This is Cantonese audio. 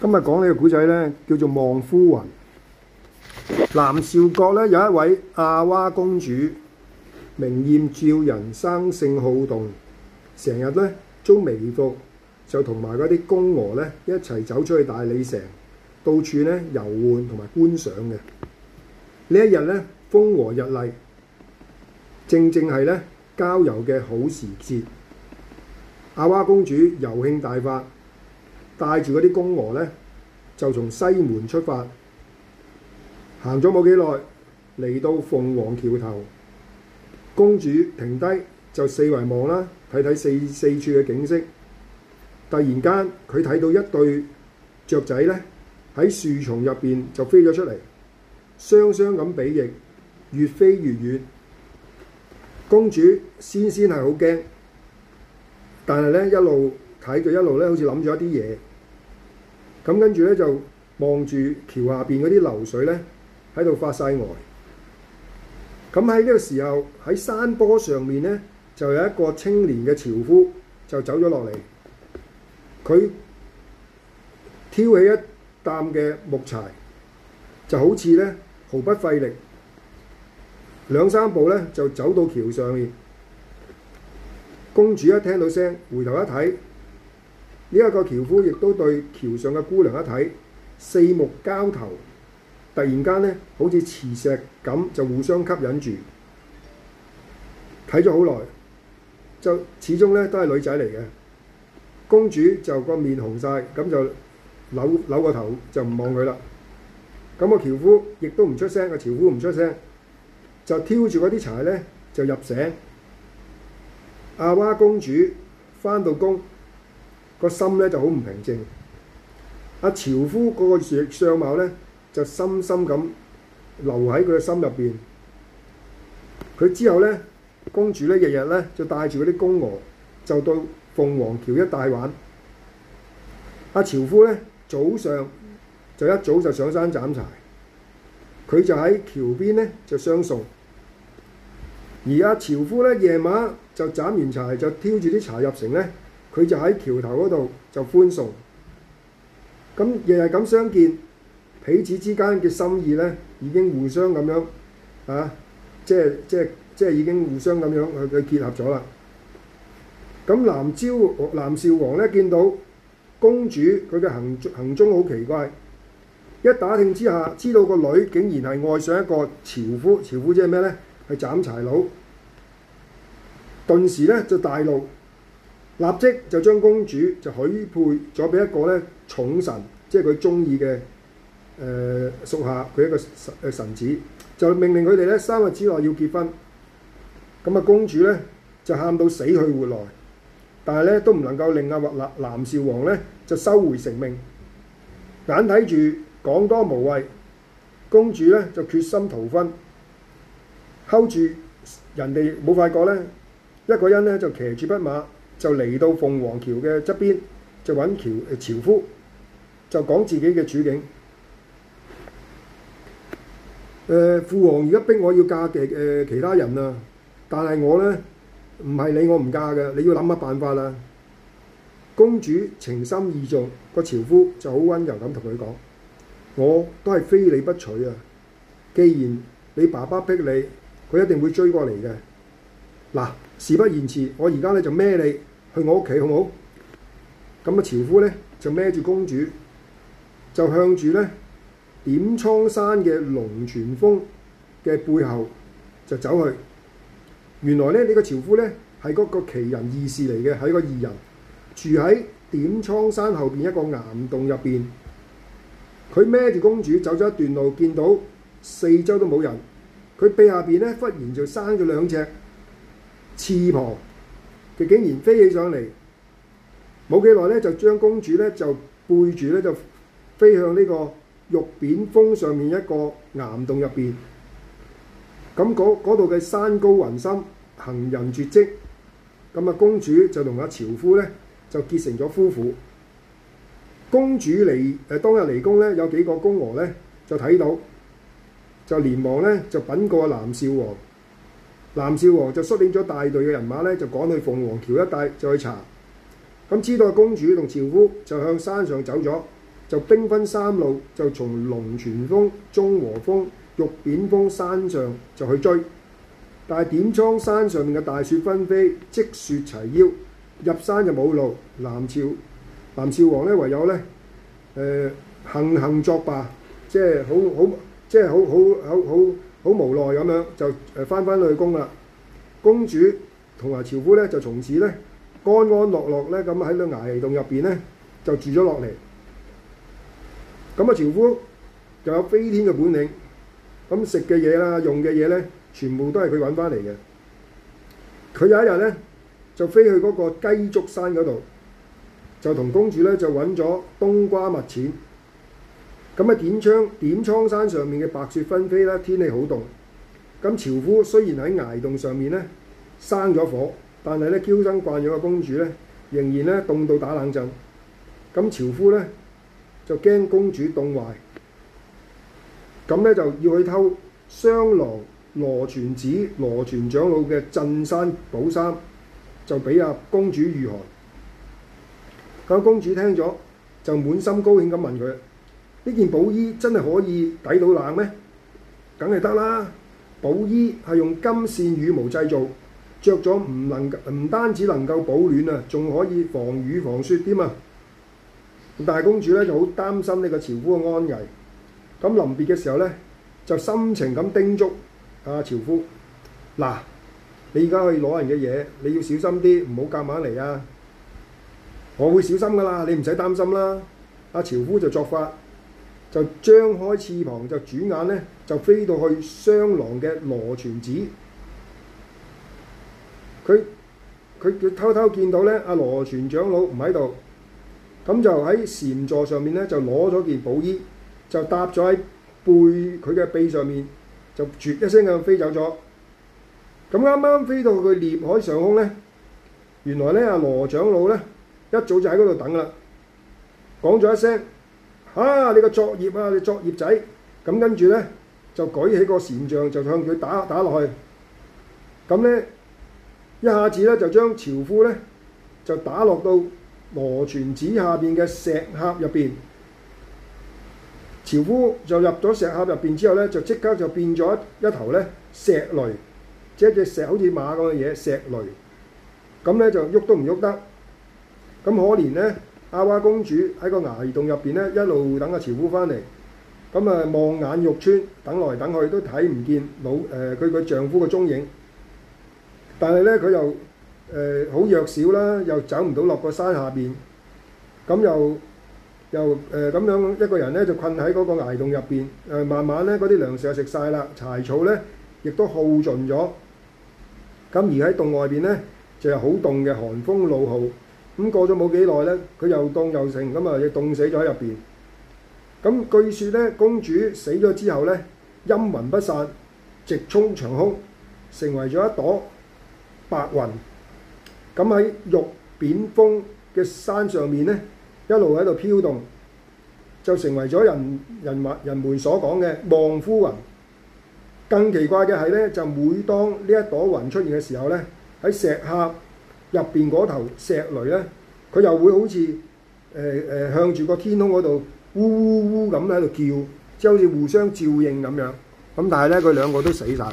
今日講呢個古仔咧，叫做《望夫雲》。南詔國咧有一位阿娃公主，明艷照人，生性好動，成日咧租微服就同埋嗰啲宮娥咧一齊走出去大理城，到處咧遊玩同埋觀賞嘅。呢一日咧風和日麗，正正係咧郊遊嘅好時節。阿娃公主遊興大發。帶住嗰啲公鵝咧，就從西門出發，行咗冇幾耐，嚟到鳳凰橋頭，公主停低就四圍望啦，睇睇四四處嘅景色。突然間佢睇到一對雀仔咧喺樹叢入邊就飛咗出嚟，雙雙咁比翼，越飛越遠。公主先先係好驚，但係咧一路睇佢一路咧好似諗咗一啲嘢。咁跟住咧就望住橋下邊嗰啲流水咧喺度發曬呆。咁喺呢個時候，喺山坡上面咧就有一個青年嘅樵夫就走咗落嚟。佢挑起一擔嘅木柴，就好似咧毫不費力，兩三步咧就走到橋上面。公主一聽到聲，回頭一睇。呢一個樵夫亦都對橋上嘅姑娘一睇，四目交投，突然間咧好似磁石咁就互相吸引住。睇咗好耐，就始終咧都係女仔嚟嘅。公主就個面紅晒，咁就扭扭個頭就唔望佢啦。咁個樵夫亦都唔出聲，個樵夫唔出聲，就挑住嗰啲柴咧就入城。阿蛙公主翻到宮。個心咧就好唔平靜。阿樵夫嗰個相貌咧就深深咁留喺佢嘅心入邊。佢之後咧，公主咧日日咧就帶住嗰啲宮娥就到鳳凰橋一帶玩。阿樵夫咧早上就一早就上山斬柴，佢就喺橋邊咧就相送。而阿樵夫咧夜晚就斬完柴就挑住啲柴入城咧。佢就喺橋頭嗰度就寬恕，咁日日咁相見，彼此之間嘅心意咧已經互相咁樣啊，即係即係即係已經互相咁樣去去結合咗啦。咁南詔南少王咧見到公主佢嘅行行蹤好奇怪，一打聽之下知道個女竟然係愛上一個樵夫，樵夫即係咩咧？係斬柴佬，頓時咧就大怒。立即就將公主就許配咗俾一個咧寵臣，即係佢中意嘅誒屬下，佢一個神嘅、呃、神子，就命令佢哋咧三日之內要結婚。咁啊，公主咧就喊到死去活來，但係咧都唔能夠令阿或南南少王咧就收回成命，眼睇住講多無謂，公主咧就決心逃婚，睺住人哋冇發覺咧，一個人咧就騎住匹馬。就嚟到鳳凰橋嘅側邊，就揾樵誒樵夫，就講自己嘅處境。誒、呃、父王而家逼我要嫁嘅誒、呃、其他人啊！但係我咧唔係你，我唔嫁嘅。你要諗下辦法啦、啊。公主情深意重，個樵夫就好溫柔咁同佢講：我都係非你不娶啊！既然你爸爸逼你，佢一定會追過嚟嘅。嗱，事不宜遲，我而家咧就孭你。去我屋企好唔好？咁啊，樵夫咧就孭住公主，就向住咧點蒼山嘅龍泉峰嘅背後就走去。原來咧，呢個樵夫咧係嗰個奇人異士嚟嘅，係一個異人，住喺點蒼山後邊一個岩洞入邊。佢孭住公主走咗一段路，見到四周都冇人，佢背下邊咧忽然就生咗兩隻翅膀。佢竟然飛起上嚟，冇幾耐咧，就將公主咧就背住咧就飛向呢個玉扁峯上面一個岩洞入邊。咁嗰度嘅山高雲深，行人絕跡。咁啊，公主就同阿樵夫咧就結成咗夫婦。公主嚟誒、呃、當日離宮咧，有幾個公娥咧就睇到，就連忙咧就禀過阿南少王。南少王就率領咗大隊嘅人馬咧，就趕去鳳凰橋一帶就去查。咁知道公主同樵夫就向山上走咗，就兵分三路，就從龍泉峰、中和峰、玉扁峰山上就去追。但係點蒼山上面嘅大雪紛飛，積雪齊腰，入山就冇路。南朝南少王呢，唯有呢，呃、行行作罷，即係好好，即係好好好好。就是好無奈咁樣就誒翻返去宮啦，公主同埋樵夫咧就從此咧安安樂樂咧咁喺個崖洞入邊咧就住咗落嚟。咁、嗯、啊，樵夫就有飛天嘅本領，咁食嘅嘢啦、用嘅嘢咧，全部都係佢揾翻嚟嘅。佢有一日咧就飛去嗰個雞足山嗰度，就同公主咧就揾咗冬瓜蜜餞。咁啊！點蒼點蒼山上面嘅白雪紛飛啦，天氣好凍。咁樵夫雖然喺崖洞上面咧生咗火，但係咧嬌生慣養嘅公主咧仍然咧凍到打冷震。咁樵夫咧就驚公主凍壞，咁咧就要去偷雙狼羅荃子羅荃長老嘅鎮山寶衫，就俾阿公主御寒。咁公主聽咗就滿心高興咁問佢。呢件寶衣真係可以抵到冷咩？梗係得啦！寶衣係用金線羽毛製造，着咗唔能唔單止能夠保暖啊，仲可以防雨防雪添啊！大公主咧就好擔心呢個樵夫嘅安危，咁臨別嘅時候咧就深情咁叮囑阿樵夫：嗱，你而家去攞人嘅嘢，你要小心啲，唔好夾硬嚟啊！我會小心㗎啦，你唔使擔心啦。阿、啊、樵夫就作法。就張開翅膀，就轉眼呢，就飛到去雙廊嘅羅荃寺。佢佢偷偷見到呢阿、啊、羅荃長老唔喺度，咁就喺禪座上面呢，就攞咗件寶衣，就搭咗喺背佢嘅臂上面，就啜一聲咁飛走咗。咁啱啱飛到佢獵海上空呢，原來呢阿、啊、羅長老呢，一早就喺嗰度等啦，講咗一聲。啊！你個作業啊，你作業仔。咁跟住咧就舉起個禪杖，就向佢打打落去，咁咧一下子咧就將樵夫咧就打落到羅荃寺下邊嘅石盒入邊。樵夫就入咗石盒入邊之後咧，就即刻就變咗一,一頭咧石騾，即係隻石好似馬咁嘅嘢石騾咁咧就喐都唔喐得，咁可憐咧。阿娃公主喺個崖洞入邊咧，一路等阿、呃、樵夫翻嚟，咁啊望眼欲穿，等嚟等去都睇唔見冇誒佢個丈夫嘅蹤影，但係咧佢又誒好、呃、弱小啦，又走唔到落個山下邊，咁又又誒咁樣一個人咧就困喺嗰個崖洞入邊，誒慢慢咧嗰啲糧食又食晒啦，柴草咧亦都耗盡咗，咁而喺洞外邊咧就係好凍嘅寒風怒號。咁過咗冇幾耐呢，佢又凍又剩，咁啊，亦凍死咗喺入邊。咁據說呢，公主死咗之後呢，陰魂不散，直衝長空，成為咗一朵白雲。咁喺玉扁峰嘅山上面呢，一路喺度飄動，就成為咗人人物人們所講嘅望夫雲。更奇怪嘅係呢，就每當呢一朵雲出現嘅時候呢，喺石刻，入邊嗰頭石騾咧，佢又會好似誒誒向住個天空嗰度，嗚嗚唔咁喺度叫，即係好似互相照應咁樣。咁但係咧，佢兩個都死晒。